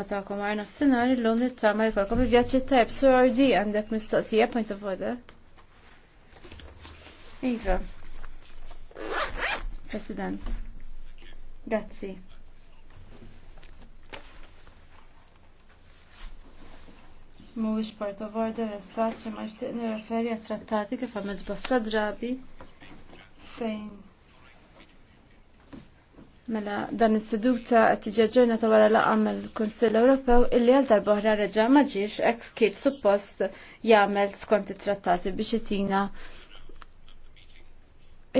Natakom għar sinar l-lum li jkolkom il-vjaċi tajb sordi għandek mistoqsija point of order. Iva. President. Grazzi. Mux part of order issa ma xtiqni referi għat trattati kif t bosta drabi fejn Mela dan is-seduta qed tiġi ġurnata wara laqgħa mill-Kunsill Ewropew illi għal darba oħra reġa' ma ġiex hekk kif suppost jagħmel skont it-trattati biex itina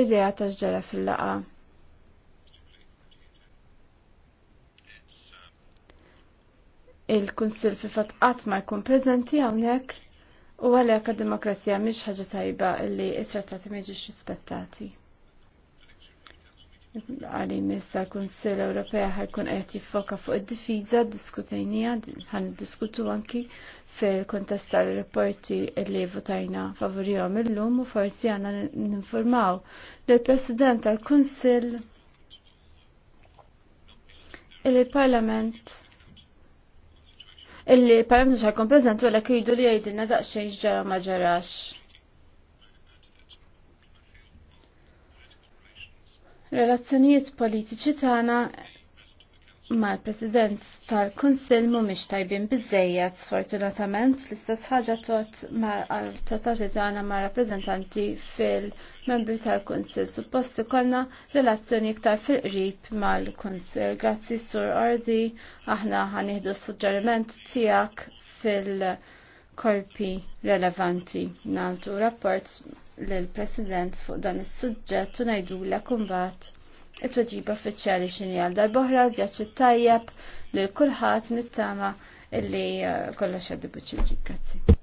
idea ta' ġara fil-laqgħa. Il-Kunsill fi fatt qatt ma jkun preżenti hawnhekk u għalhekk id-demokrazija mhix ħaġa tajba illi t trattati ma rispettati għali mista l-Kunsill Ewropea ħajkun qed jiffoka fuq id-difiża diskutajnija, għan diskutu anki fil-kontest tal-rapporti li votajna favorihom illum u forsi n-informaw l president tal-Kunsill il-Parlament il-Parlament ħajkun preżent u l-ek li jgħidilna daqsxejn ġara ma ġarax. Relazzjonijiet politiċi tagħna mal-President tal-Kunsill mhumiex tajbin biżejjed sfortunatament l-istess ħaġa tot mal tatati tagħna ma' rappreżentanti fil-membri tal-Kunsill. Suppost ikollna relazzjoni iktar fil-qrib mal-Kunsill. Grazzi Sur Ordi, aħna ħanieħdu s-suġġeriment tiegħek fil- korpi relevanti naltu rapport l-President fuq dan is-suġġett u ngħidula kumbat it-tweġib uffiċjali x'inhi għal boħra vjaġġ tajjeb lil kulħadd nittama illi uh, kollox għaddi buċċiġi. Grazzi.